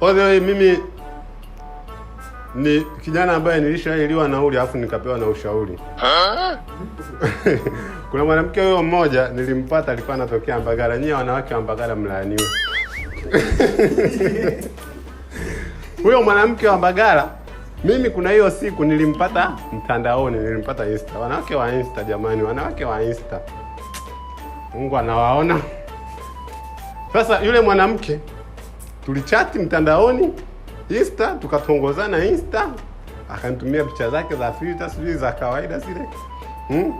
Although mimi ni kijana ambaye nilishailiwa nauli alafu nikapewa na ushauri. Kuna mwanamke huyo mmoja nilimpata, alikuwa anatokea mbagara Nyie wanawake wa mbagara mlaaniwe. Huyo mwanamke wa mbagara mimi kuna hiyo siku nilimpata mtandaoni, nilimpata Insta. Wanawake wa Insta jamani, wanawake wa Insta, Mungu anawaona. Sasa yule mwanamke tulichati mtandaoni Insta, tukatongozana Insta, akanitumia picha zake za filter, sijui za kawaida zile hmm?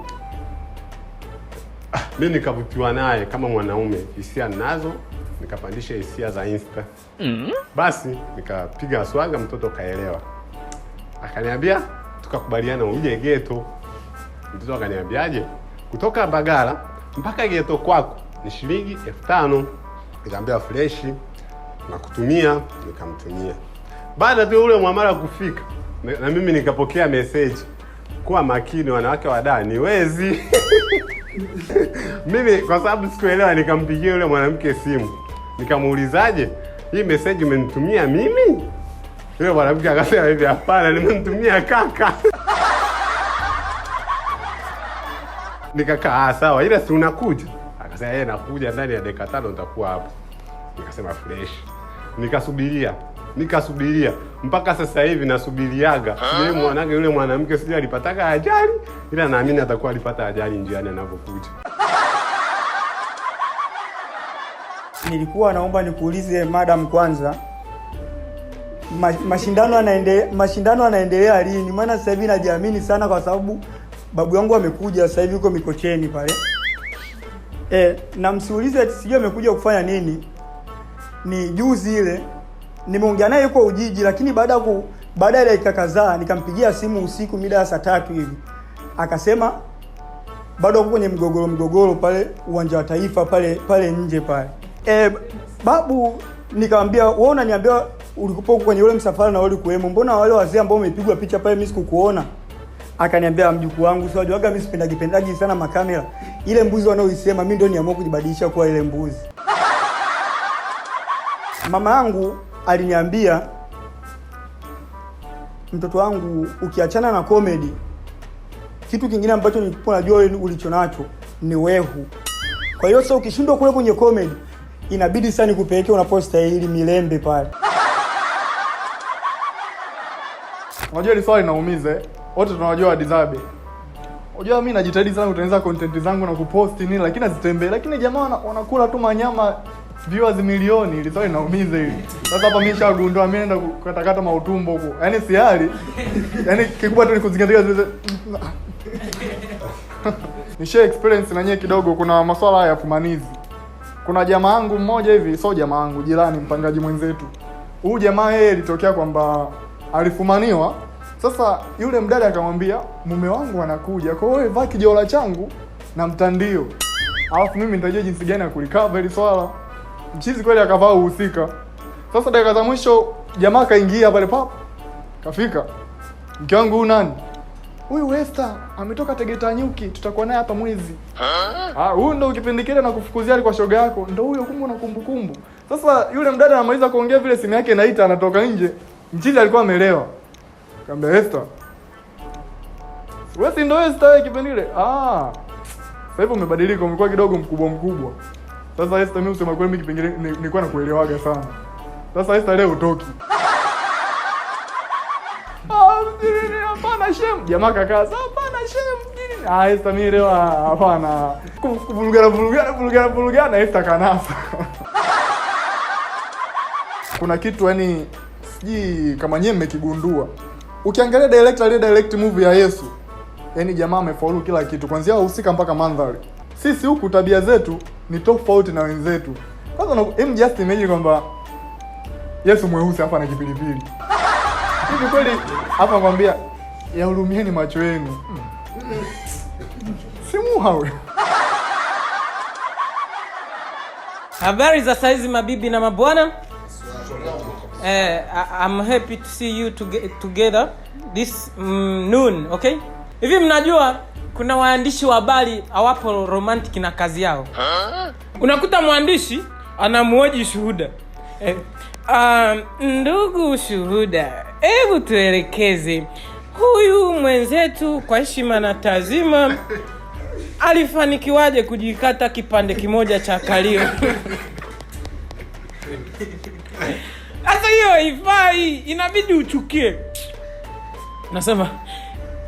Ah, mi nikavutiwa naye kama mwanaume, hisia nazo nikapandisha hisia za Insta mm. Basi nikapiga swaga, mtoto kaelewa, akaniambia, tukakubaliana uje geto. Mtoto akaniambiaje, kutoka Bagara mpaka geto kwako ni shilingi elfu tano. Nikaambia freshi na kutumia, nikamtumia. Baada tu ule mwamara kufika, na mimi nikapokea message, kuwa makini, wanawake wa ni wezi mimi kwa sababu sikuelewa, nikampigia yule mwanamke simu nikamuulizaje, hii message umenitumia mimi? Yule mwanamke akasema hivi, hapana, nimemtumia kaka Nikakaa ah, sawa, ila si unakuja? Akasema yeye eh, nakuja, ndani ya dakika tano nitakuwa hapo. Nikasema fresh nikasubiria nikasubiria mpaka sasa hivi nasubiriaga. Yule ah. mwanake yule mwanamke sijui alipataga ajali, ila naamini atakuwa alipata ajali njiani anapokuja. Nilikuwa naomba nikuulize madam, kwanza mashindano yanaendelea mashindano yanaendelea lini? Maana sasa hivi najiamini sana kwa sababu babu yangu amekuja sasa hivi, yuko Mikocheni pale e, na msiulize sijui amekuja kufanya nini ni juzi ile nimeongea naye yuko Ujiji, lakini baada ya baada ya dakika kadhaa nikampigia simu usiku mida ya saa tatu hivi, akasema bado ako kwenye mgogoro mgogoro pale uwanja wa Taifa pale pale nje pale. E, babu nikamwambia wewe unaniambia ulikuwa kwenye ule msafara na wale kuwemo, mbona wale wazee ambao umepigwa picha pale mimi sikukuona? Akaniambia mjukuu wangu, sio ajuaga mimi sipendagi pendagi sana makamera. Ile mbuzi wanaoisema mimi ndio niamua kujibadilisha kuwa ile mbuzi mama yangu aliniambia, mtoto wangu, ukiachana na comedy, kitu kingine ambacho nilikuwa najua ulicho nacho ni wehu. Kwa hiyo sasa ukishindwa kule kwenye comedy, inabidi sasa nikupeleke unapostahili Milembe pale. Unajua hili swali linaumiza, wote tunawajua disabe. Unajua mimi najitahidi sana kutengeneza content zangu na kuposti nini, lakini azitembee, lakini jamaa wanakula tu manyama viewers milioni ili swali naumiza hili. Sasa hapa mimi nishagundua mimi naenda kukatakata mautumbo huko. Yaani si hali. Yaani kikubwa tu ni kuzingatia zile Nisha experience na nyewe kidogo kuna masuala ya fumanizi. Kuna jamaa wangu mmoja hivi, sio jamaa wangu, jirani mpangaji mwenzetu. Huyu jamaa yeye ilitokea kwamba alifumaniwa. Sasa yule mdada akamwambia mume wangu anakuja. Kwa hiyo wewe vaa kijola changu na mtandio. Alafu mimi nitajua jinsi gani ya kulikava hili swala. Mchizi kweli akavaa uhusika. Sasa dakika za mwisho jamaa kaingia pale pap. Kafika. Mke wangu nani? Huyu Wester ametoka Tegeta Nyuki, tutakuwa naye hapa mwezi. Ah, huyu ndo ukipindikile na kufukuzia kwa shoga yako. Ndio huyo kumbe na kumbukumbu. Sasa yule mdada anamaliza kuongea vile simu yake inaita anatoka nje. Mchizi alikuwa amelewa. Kaambia Wester Wewe si ndio Wester wewe kipindikile? Ah. Sasa hivi umebadilika, umekuwa kidogo mkubwa mkubwa. Sasa Esther, mimi usema kweli, mimi kipengele nilikuwa nakuelewaga sana. Sasa Esther, leo utoki. Ah, hapana shemu. Jamaa kakaa, hapana shemu. Ah, Esther, mimi leo hapana. Kuvurugana vurugana vurugana vurugana Esther kanasa. Kuna kitu yani sijui kama nyewe mmekigundua. Ukiangalia director ile direct movie ya Yesu, yaani jamaa amefaulu kila kitu, kuanzia wahusika mpaka mandhari sisi huku tabia zetu ni tofauti na wenzetu. Kwanza hem, just imagine kwamba Yesu mweusi hapa na kipilipili hivi kweli hapa, nakwambia yahurumieni macho yenu, hmm. simuhawe Habari za saizi mabibi na mabwana. Eh, I'm happy to see you toge together this mm, noon, okay? Hivi mnajua kuna waandishi wa habari hawapo romantic na kazi yao huh? Unakuta mwandishi anamuoji shuhuda eh, um, ndugu shuhuda, hebu tuelekeze huyu mwenzetu kwa heshima na tazima alifanikiwaje kujikata kipande kimoja cha kalio? Sasa hiyo ifai, inabidi uchukie. Nasema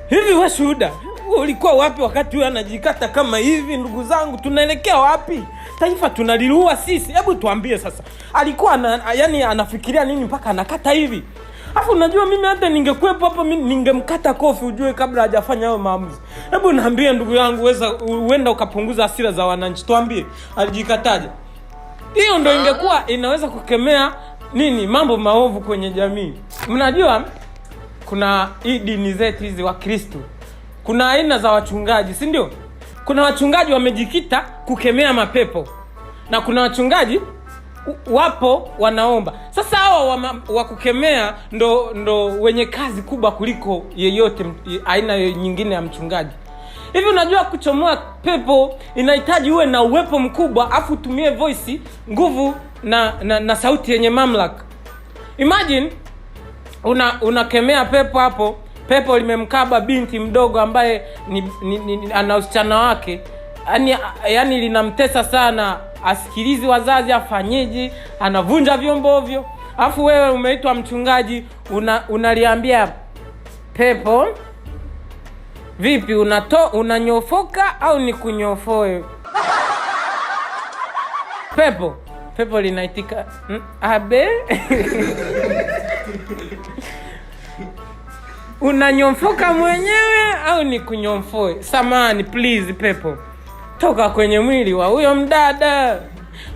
hivi, we Shuhuda, ulikuwa wapi wakati huyo anajikata kama hivi? Ndugu zangu, tunaelekea wapi? Taifa tunalilua sisi. Hebu tuambie sasa, alikuwa na, yani anafikiria nini mpaka anakata hivi? Afu unajua mimi hata ningekuwepo hapo ningemkata kofi, ujue kabla hajafanya hayo maamuzi. Hebu naambie ndugu yangu, weza huenda ukapunguza asira za wananchi. Tuambie alijikataja Hiyo ndo ingekuwa inaweza kukemea nini mambo maovu kwenye jamii. Mnajua kuna hii dini zetu hizi Wakristo kuna aina za wachungaji si ndio kuna wachungaji wamejikita kukemea mapepo na kuna wachungaji wapo wanaomba sasa hawa wa kukemea ndo ndo wenye kazi kubwa kuliko yeyote aina nyingine ya mchungaji hivi unajua kuchomoa pepo inahitaji uwe na uwepo mkubwa afu utumie voisi nguvu na, na na sauti yenye mamlaka imagine una unakemea pepo hapo pepo limemkaba binti mdogo ambaye ni, ni, ni, ana usichana wake yani, yani linamtesa sana, asikilizi wazazi, afanyiji anavunja vyombo ovyo. Alafu wewe umeitwa mchungaji, unaliambia una pepo vipi, unato unanyofoka au ni kunyofoe? Pepo pepo linaitika hmm? abe unanyomfoka mwenyewe au ni kunyomfoe samani please pepo toka kwenye mwili wa huyo mdada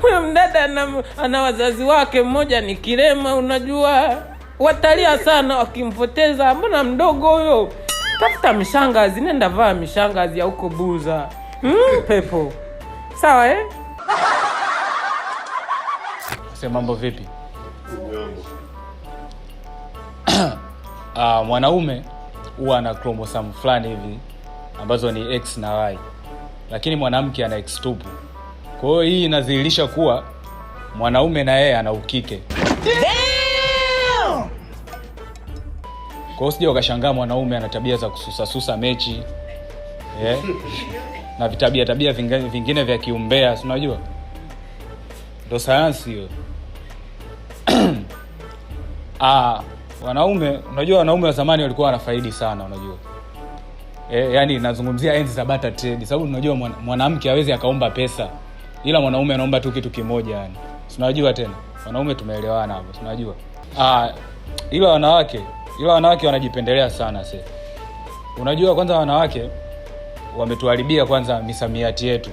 huyo mdada ana, ana wazazi wake mmoja ni kirema unajua watalia sana wakimpoteza mbona mdogo huyo tafuta mshangazi nenda vaa mishangazi ya huko buza mm, pepo sawa eh? mambo vipi uh, mwanaume huwa ana kromosamu fulani hivi ambazo ni x na y lakini mwanamke ana x tupu kwa hiyo hii inadhihirisha kuwa mwanaume na yeye ana ukike kwa sija ukashangaa mwanaume ana tabia za kususasusa mechi yeah. na vitabia tabia vingine, vingine vya kiumbea sinajua ndo sayansi hiyo ah wanaume unajua wanaume wa zamani walikuwa wanafaidi sana unajua e, yani nazungumzia enzi za bata trade sababu unajua mwanamke awezi akaomba pesa ila mwanaume anaomba tu kitu kimoja yani sinajua tena wanaume tumeelewana hapo sinajua ah, ila wanawake ila wanawake wanajipendelea sana se unajua kwanza wanawake wametuharibia kwanza misamiati yetu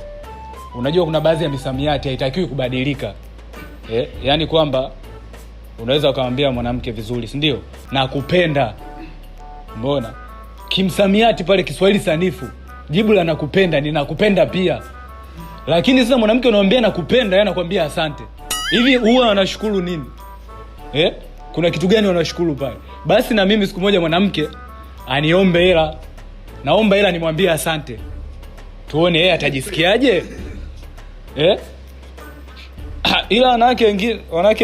unajua kuna baadhi ya misamiati haitakiwi kubadilika eh, yani kwamba unaweza ukamwambia mwanamke vizuri, si ndio? Nakupenda. Mbona kimsamiati pale, Kiswahili sanifu, jibu la nakupenda ni nakupenda pia. Lakini sasa mwanamke unamwambia nakupenda, yeye anakuambia asante. Hivi huwa anashukuru nini eh? Kuna kitu gani wanashukuru pale? Basi na mimi siku moja mwanamke aniombe hela, naomba hela nimwambie asante, tuone yeye atajisikiaje eh? ila wanawake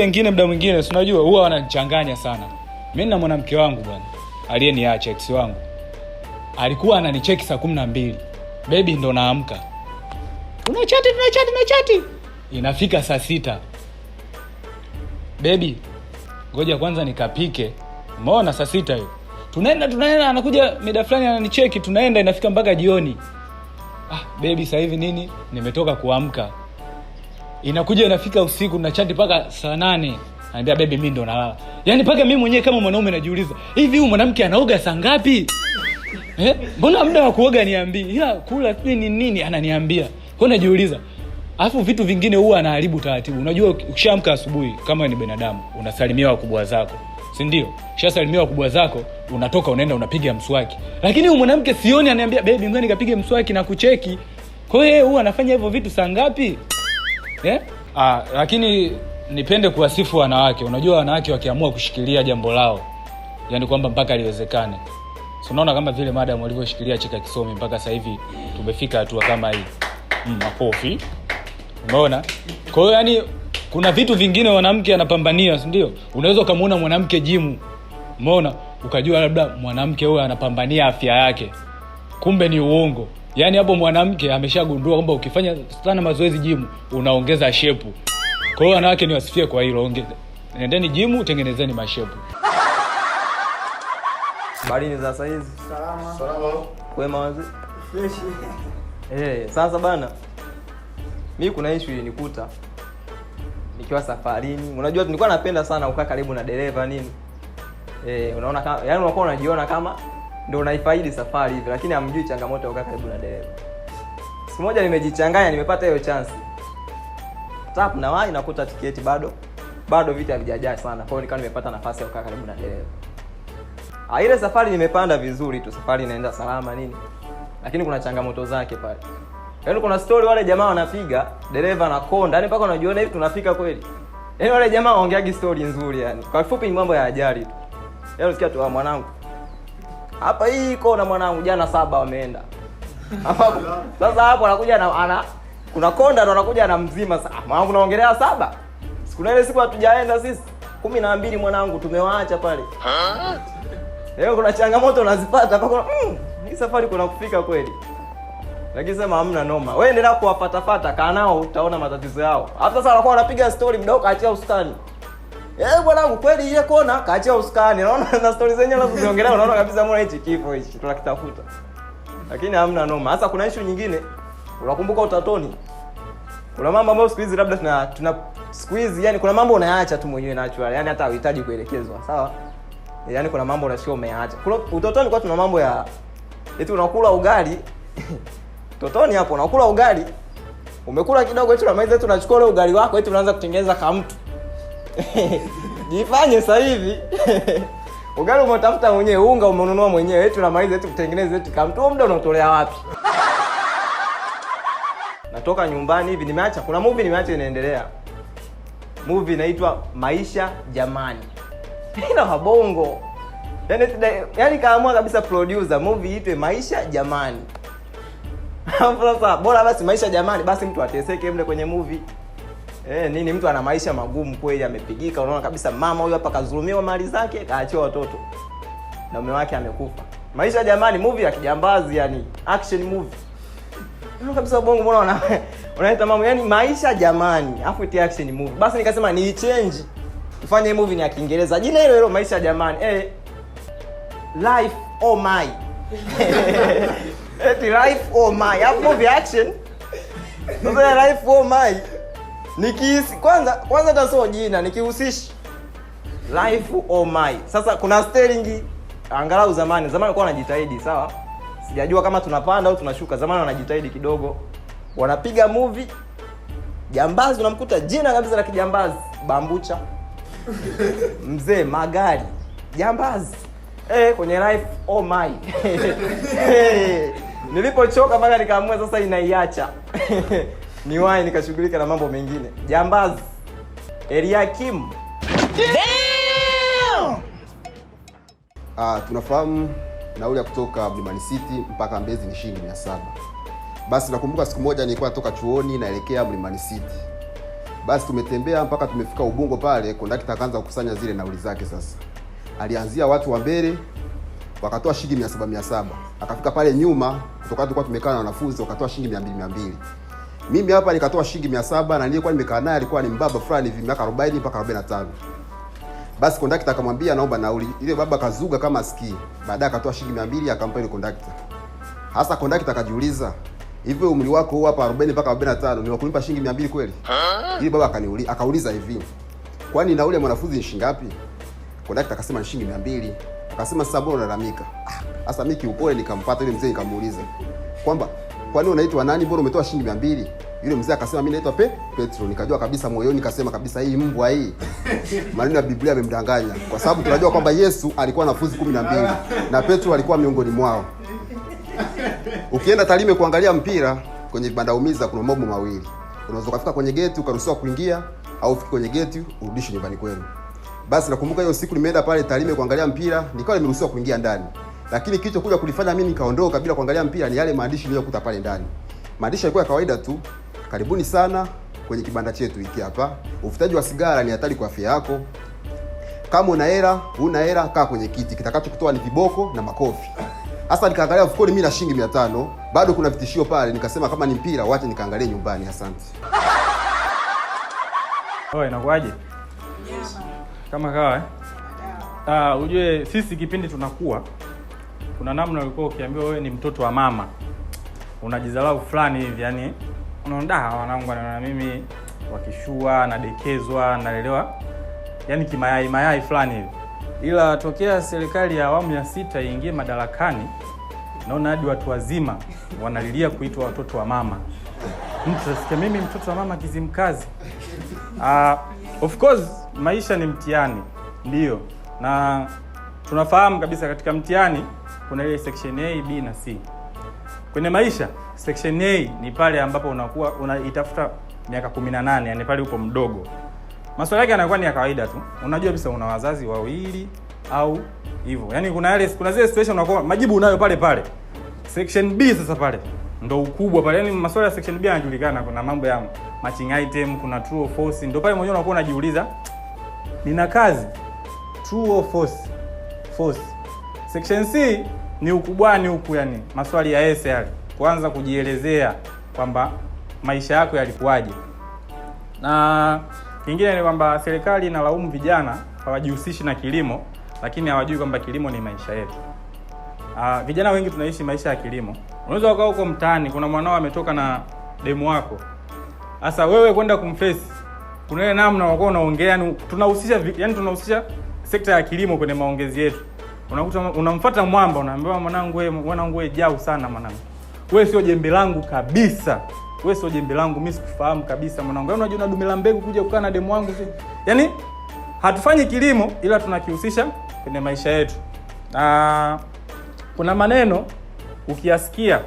wengine mda mwingine sinajua huwa wananichanganya sana mi na mwanamke wangu bwana ni ex wangu alikuwa ananicheki saa kumi na mbili bebi ndo naamka unachati unachati unachati inafika saa sita bebi ngoja kwanza nikapike umeona saa sita hiyo tunaenda tunaenda anakuja mida fulani ananicheki tunaenda inafika mpaka jioni ah bebi sahivi nini nimetoka kuamka inakuja inafika usiku na chati mpaka saa nane anaambia bebi mi ndo nalala yaani mpaka mi mwenyewe kama mwanaume najiuliza hivi huyu mwanamke anaoga saa ngapi eh? mbona muda wa kuoga niambii ila kula nini nini ananiambia kwao najiuliza alafu vitu vingine huwa anaharibu taratibu unajua ukishaamka asubuhi kama ni binadamu unasalimia wakubwa zako sindio ushasalimia wakubwa zako unatoka unaenda unapiga mswaki lakini huyu mwanamke sioni anaambia bebi mgani kapige mswaki na kucheki kwa hiyo huwa anafanya hivyo vitu saa ngapi eh? Ah, lakini nipende kuwasifu wanawake. Unajua wanawake wakiamua kushikilia jambo lao, yani kwamba mpaka liwezekane, so unaona kama vile madam walivyoshikilia Cheka Kisomi mpaka sasa hivi tumefika hatua kama hii. Mm, makofi. Umeona? Kwa hiyo yani kuna vitu vingine mwanamke anapambania, si ndio? Unaweza ukamwona mwanamke jimu, umeona, ukajua labda mwanamke huyo anapambania afya yake, kumbe ni uongo yaani hapo mwanamke ameshagundua kwamba ukifanya sana mazoezi jimu unaongeza shepu kwa hiyo wanawake niwasifie kwa hilo ongeza jimu tengenezeni mashepu barini za saizi salama salama hey, eh, sasa bana mi kuna ishu ilinikuta nikiwa safarini unajua nilikuwa napenda sana kukaa karibu na dereva nini hey, eh, unaona yani unakuwa unajiona kama ndo unaifaidi safari hivi, lakini amjui changamoto ya karibu na dereva. Siku moja nimejichanganya, nimepata hiyo chansi tap na wai, nakuta tiketi bado bado viti havijajaa sana, kwao nikawa nimepata nafasi ya kukaa karibu na dereva. Ah, ile safari nimepanda vizuri tu, safari inaenda salama nini, lakini kuna changamoto zake pale. Yaani kuna story wale jamaa wanapiga, dereva anakonda, yaani mpaka unajiona hivi tunafika kweli. Yaani wale jamaa waongeagi story nzuri yani. Kwa kifupi ni mambo ya ajali tu. Yaani usikia tu ah, mwanangu hapa hii iko na mwanangu jana saba wameenda sasa hapo anakuja na ana kuna konda ndo anakuja na mzima sasa mwanangu naongelea saba siku ile siku hatujaenda sisi kumi na mbili mwanangu tumewaacha pale leo kuna changamoto unazipata mpaka mm, hii safari kuna kufika kweli lakini sema hamna noma wewe endelea kuwafatafata kaa nao utaona matatizo yao hata sasa anakuwa anapiga story mdogo achia ustani Eh, bwanangu kweli ile kona kaachia usukani. Naona na stories zenyewe unazoziongelea unaona kabisa mbona hichi kifo hichi tunakitafuta. Lakini hamna noma. Sasa kuna issue nyingine. Unakumbuka utatoni? Kuna mambo ambayo siku hizi labda tuna tuna siku hizi yani kuna mambo unayaacha tu mwenyewe natural. Yani hata huhitaji kuelekezwa, sawa? Yaani kuna mambo unashikia umeacha. Kuna utotoni kwa tuna mambo ya eti unakula ugali. Totoni hapo unakula ugali. Umekula kidogo eti unamaliza eti unachukua ule ugali wako eti unaanza kutengeneza kama mtu. jifanye sasa hivi ugali umetafuta mwenyewe, unga umenunua mwenyewe, eti unamaliza eti kutengeneza eti kamtu, muda unaotolea wapi? Natoka nyumbani hivi, nimeacha kuna movie nimeacha inaendelea, movie inaitwa Maisha Jamani, ina wabongo yani, yani kaamua kabisa producer movie itwe Maisha Jamani. Sasa bora basi Maisha Jamani, basi mtu ateseke mle kwenye movie. Eh, nini mtu ana maisha magumu kweli, amepigika. Unaona kabisa mama huyu hapa kazulumiwa mali zake, kaachiwa watoto na mume wake amekufa. Maisha jamani, movie ya kijambazi, yani action movie. Unaona kabisa bongo, mbona wana unaita mama, yani maisha jamani, afu iti action movie. Basi nikasema ni change ufanye movie ni ya Kiingereza, jina hilo hilo maisha jamani, eh life oh my eti life oh my, afu movie action sasa life oh my nikihisi kwanza kwanza, hata sio jina nikihusishi life oh my. Sasa kuna Sterling, angalau zamani zamani alikuwa anajitahidi sawa, sijajua kama tunapanda au tunashuka. Zamani wanajitahidi kidogo, wanapiga movie jambazi, unamkuta jina kabisa la kijambazi Bambucha mzee magari jambazi eh, kwenye life oh eh, my nilipochoka mpaka nikaamua sasa inaiacha niwahi nikashughulika na mambo mengine. Jambazi Eliakim. Ah, tunafahamu nauli ya kutoka Mlimani City mpaka Mbezi ni shilingi mia saba. Basi nakumbuka siku moja nilikuwa natoka chuoni naelekea Mlimani City. Basi tumetembea mpaka tumefika Ubungo pale, kondakta akaanza kukusanya zile nauli zake. Sasa alianzia watu wa mbele wakatoa shilingi mia saba mia saba akafika pale nyuma, tukawa tumekaa na wanafunzi wakatoa shilingi mia mbili mia mbili mimi hapa nikatoa shilingi 700 na nilikuwa nimekaa naye alikuwa ni mbaba fulani hivi miaka 40 mpaka 45. Basi kondakta akamwambia naomba nauli. Ile baba kazuga kama sikii. Baadaye akatoa shilingi 200 akampa ile kondakta. Hasa kondakta akajiuliza, hivi umri wako huu hapa 40 mpaka 45 ni wakulipa shilingi 200 kweli? Ile baba akaniuliza, akauliza hivi. Kwani nauli ya mwanafunzi ni shilingi ngapi? Kondakta akasema ni shilingi 200. Akasema sasa bora unalalamika. Ah, sasa mimi kiupole nikampata ile mzee nikamuuliza kwamba kwani unaitwa nani? Bora umetoa shilingi mia mbili. Yule mzee akasema mimi naitwa pe, Petro. Nikajua kabisa moyoni, nikasema kabisa hii mbwa hii maneno ya Biblia amemdanganya, kwa sababu tunajua kwamba Yesu alikuwa na wanafunzi kumi na mbili na Petro alikuwa miongoni mwao. Ukienda talime kuangalia mpira kwenye vibanda kuna mambo mawili, unaweza kufika kwenye geti ukaruhusiwa kuingia, au ufike kwenye geti urudishwe nyumbani kwenu. Basi nakumbuka hiyo siku nimeenda pale talime kuangalia mpira, nikawa nimeruhusiwa kuingia ndani lakini kilichokuja kulifanya mimi nikaondoka bila kuangalia mpira ni yale maandishi niliyokuta pale ndani. Maandishi yalikuwa ya kawaida tu, karibuni sana kwenye kibanda chetu hiki hapa. Uvutaji wa sigara ni hatari kwa afya yako. Kama una hela, una hela, kaa kwenye kiti. Kitakachokutoa ni viboko na makofi. Hasa nikaangalia mfukoni mimi na shilingi 500, bado kuna vitishio pale. Nikasema kama ni mpira wacha nikaangalie nyumbani. Asante. Oe, oh, inakuaje? Kama kawa eh? Ah, ujue sisi kipindi tunakuwa kuna namna ulikuwa ukiambiwa wewe ni mtoto wa mama unajizalau fulani hivi yani unaonda wanangu anaona mimi wakishua nadekezwa nalelewa yani kimayai mayai fulani hivi ila tokea serikali ya awamu ya sita iingie madarakani naona hadi watu wazima wanalilia kuitwa watoto wa mama mtu asikia mimi mtoto wa mama kizimkazi uh, of course maisha ni mtihani ndio na tunafahamu kabisa katika mtihani kuna ile section A, B na C. Kwenye maisha section A ni pale ambapo unakuwa unaitafuta miaka 18, yani pale upo mdogo. Maswali yake yanakuwa ni ya kawaida tu. Unajua bisa una wazazi wawili au hivyo. Yaani kuna yale kuna zile situation unakuwa majibu unayo pale pale. Section B sasa pale ndo ukubwa pale. Yaani maswali ya section B yanajulikana, kuna mambo ya matching item, kuna true or false. Ndio pale mwenyewe unakuwa unajiuliza nina kazi true or false? False. Section C ni ukubwani huku, yani maswali ya ese yale, kuanza kujielezea kwamba maisha yako yalikuwaje. Na kingine ni kwamba serikali inalaumu vijana hawajihusishi na kilimo, lakini hawajui kwamba kilimo ni maisha yetu. Uh, vijana wengi tunaishi maisha ya kilimo. Unaweza ukaa huko mtaani, kuna mwanao ametoka na demu wako, sasa wewe kwenda kumface, kuna ile namna wako unaongea, yani tunahusisha, yani tunahusisha sekta ya kilimo kwenye maongezi yetu unakuta unamfuata mwamba, unaambiwa mwanangu, wewe mwanangu, wewe jau sana mwanangu, wewe sio jembe langu kabisa, wewe sio jembe langu, mimi sikufahamu kabisa mwanangu. Yaani unajua unadumila mbegu kuja kukaa na demu wangu, si yaani hatufanyi kilimo, ila tunakihusisha kwenye maisha yetu, na kuna maneno ukiyasikia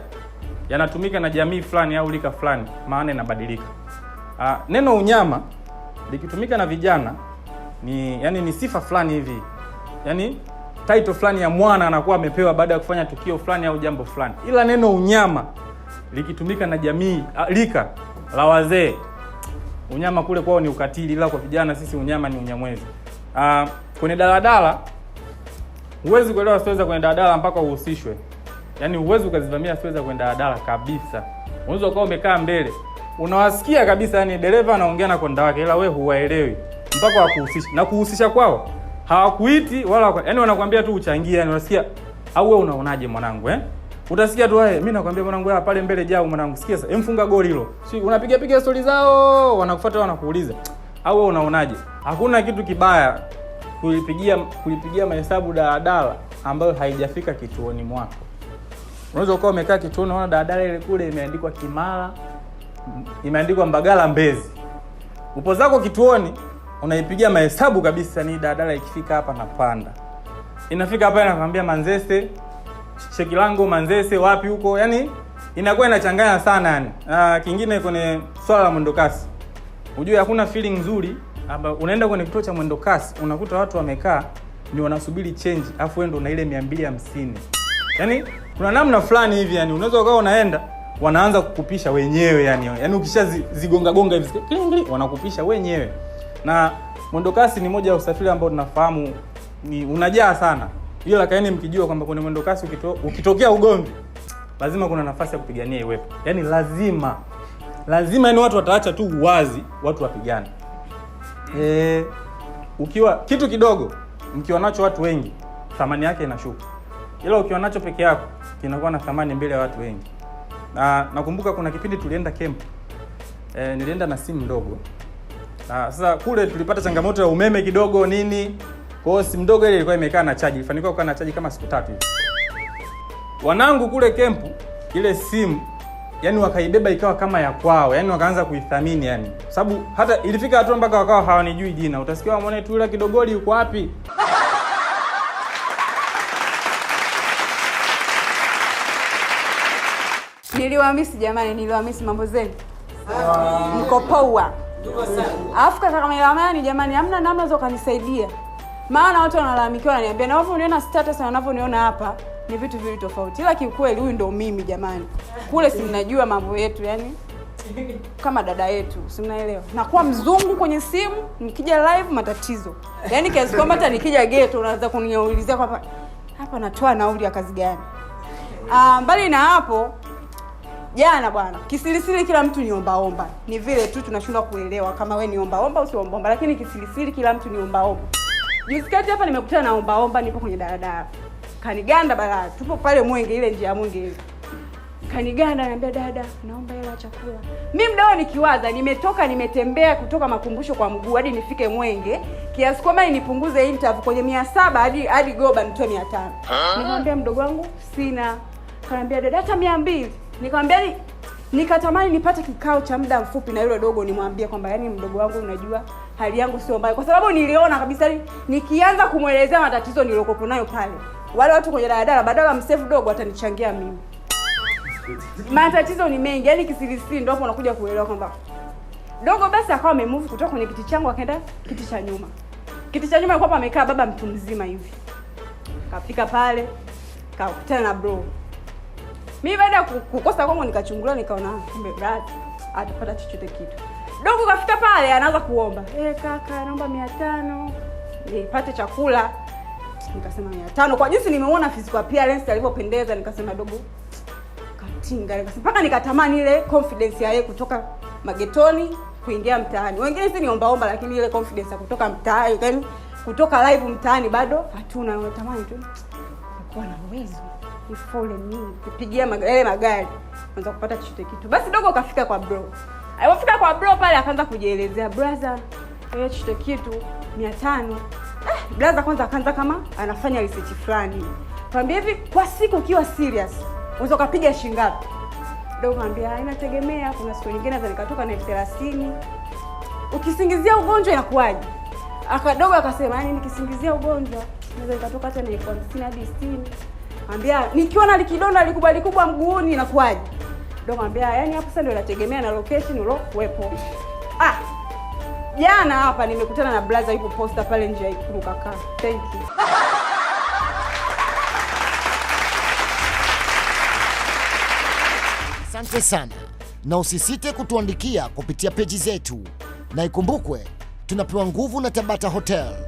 yanatumika na jamii fulani au lika fulani, maana inabadilika. Ah, neno unyama likitumika na vijana ni yani, ni sifa fulani hivi yani title fulani ya mwana anakuwa amepewa baada ya kufanya tukio fulani au jambo fulani, ila neno unyama likitumika na jamii ah, lika la wazee, unyama kule kwao ni ukatili, ila kwa vijana sisi unyama ni unyamwezi. Uh, kwenye daladala huwezi kuelewa siweza kwenye daladala mpaka uhusishwe, yaani huwezi ukazivamia siweza kwenye daladala kabisa. Unaweza ukawa umekaa mbele unawasikia kabisa, yani dereva anaongea na konda wake, ila we huwaelewi mpaka wakuhusisha na kuhusisha kwao hawakuiti wala kwa, yani wanakuambia tu uchangie, yani unasikia au wewe unaonaje mwanangu eh? Utasikia tu wewe mimi nakwambia mwanangu, hapa pale mbele jao mwanangu, sikia sasa, emfunga goli hilo, si unapiga piga stori zao, wanakufuata wanakuuliza, au wewe unaonaje? Hakuna kitu kibaya kulipigia kulipigia mahesabu daladala ambayo haijafika kituoni mwako. Unaweza ukawa umekaa kituoni, unaona daladala ile kule imeandikwa Kimara, imeandikwa Mbagala Mbezi, upo zako kituoni unaipigia mahesabu kabisa, ni daladala ikifika hapa napanda, inafika hapa inakwambia Manzese cheki langu Manzese wapi huko, yani inakuwa inachanganya sana yani. Uh, kingine kwenye swala la mwendokasi, unajue hakuna feeling nzuri aba unaenda kwenye kituo cha mwendokasi unakuta watu wamekaa ni wanasubiri change, afu wewe ndo una ile 250 yani kuna namna fulani hivi yani, unaweza ukawa unaenda wanaanza kukupisha wenyewe yani, yani ukishazigonga gonga hivi wanakupisha wenyewe na mwendokasi ni moja ya usafiri ambao tunafahamu ni unajaa sana, ila kaeni mkijua kwamba kwenye mwendokasi ukito, ukitokea ugomvi lazima kuna nafasi ya kupigania iwepo. yaani lazima lazima, yani watu wataacha tu uwazi, watu wapigane. E, ukiwa kitu kidogo mkiwa nacho watu wengi thamani yake inashuka, ila ukiwa nacho peke yako kinakuwa na thamani mbele ya watu wengi. Na nakumbuka kuna kipindi tulienda camp e, nilienda na simu ndogo na ah, sasa kule tulipata changamoto ya umeme kidogo nini. Kwa hiyo simu ndogo ile ilikuwa imekaa na chaji, ilifanikiwa kukaa na chaji kama siku tatu hivi. Wanangu kule kempu ile simu yani wakaibeba ikawa kama ya kwao, yani wakaanza kuithamini yani. Sababu hata ilifika hatua mpaka wakawa hawanijui jina. Utasikia wamwone tu kidogoli yuko wapi? Niliwamisi jamani, niliwamisi mambo zenu. Mko Alafu kaka kameramani, jamani, hamna namna za ukanisaidia, maana watu wanalalamikiwa, wananiambia na uniona status na wanavyoniona hapa ni vitu vili tofauti, ila kiukweli huyu ndo mimi jamani. Kule simnajua mambo yetu yani kama dada yetu, simnaelewa. Nakuwa mzungu kwenye simu, nikija live matatizo, yaani kiasi kwamba hata nikija geto unaweza kuniulizia kwamba hapa natoa nauli ya kazi gani? Ah, mbali na hapo jana bwana, kisirisiri kila mtu ni ombaomba. Ni vile tu tunashindwa kuelewa kama we ni ombaomba au si ombaomba, lakini kisirisiri kila mtu ni ombaomba. Juzi kati hapa nimekutana na ombaomba, nipo kwenye daladala kaniganda bala, tupo pale Mwenge, ile njia ya Mwenge ile kaniganda, anambia dada, naomba hela chakula. Mi mdao nikiwaza, nimetoka nimetembea kutoka makumbusho kwa mguu hadi nifike Mwenge, kiasi kwamba nipunguze interview kwenye mia saba hadi hadi Goba nitoe mia tano. Nikamwambia mdogo wangu sina, kanaambia dada, hata mia mbili nikamwambia ni yaani, nikatamani nipate kikao cha muda mfupi na yule dogo, nimwambie kwamba yani, mdogo wangu, unajua hali yangu sio mbaya, kwa sababu niliona kabisa yaani, nikianza kumwelezea matatizo niliokopo nayo pale, wale watu kwenye daladala, badala msefu dogo atanichangia mimi. Matatizo ni mengi, yani kisirisiri, ndio hapo unakuja kuelewa kwamba dogo basi akawa amemove kutoka kwenye kiti changu akaenda kiti cha nyuma. Kiti cha nyuma alikuwa amekaa baba mtu mzima hivi, kafika pale kakutana na bro mimi baada ya kukosa kwangu nikachungulia, nikaona kumbe brati atapata chochote kitu. Dogo kafika pale anaanza kuomba eh, kaka naomba 500. nipate chakula. Nikasema 500 kwa jinsi nimeona physical appearance alivyopendeza, nikasema dogo katinga, nikasema paka nikatamani ile confidence ya yeye kutoka magetoni kuingia mtaani. Wengine si omba lakini ile confidence ya kutoka mtaani, yani kutoka live mtaani bado hatuna, natamani tu kuwa na uwezo ifole mimi kupigia magari magari unaweza kupata chochote kitu. Basi dogo kafika kwa bro, alipofika kwa bro pale akaanza kujielezea, brother, wewe chochote kitu mia tano. Eh, brother kwanza akaanza kama anafanya research fulani, kaambia hivi, kwa siku ukiwa serious unaweza ukapiga shingapi? Dogo kaambia inategemea, kuna siku nyingine naweza nikatoka na elfu thelathini. Ukisingizia ugonjwa inakuwaje? Akadogo akasema, yani nikisingizia ugonjwa naweza nikatoka hata na elfu hamsini hadi sitini. Ambia nikiwa na likidona likubali kubwa mguuni inakuwaje? Ndio mwambia yani hapo sasa ndio nategemea na location ulo uliokuwepo. Ah. Jana hapa nimekutana na brother yuko posta pale nje ya ikulu kaka. Thank you. Asante sana. Na usisite kutuandikia kupitia peji zetu. Na ikumbukwe tunapewa nguvu na Tabata Hotel.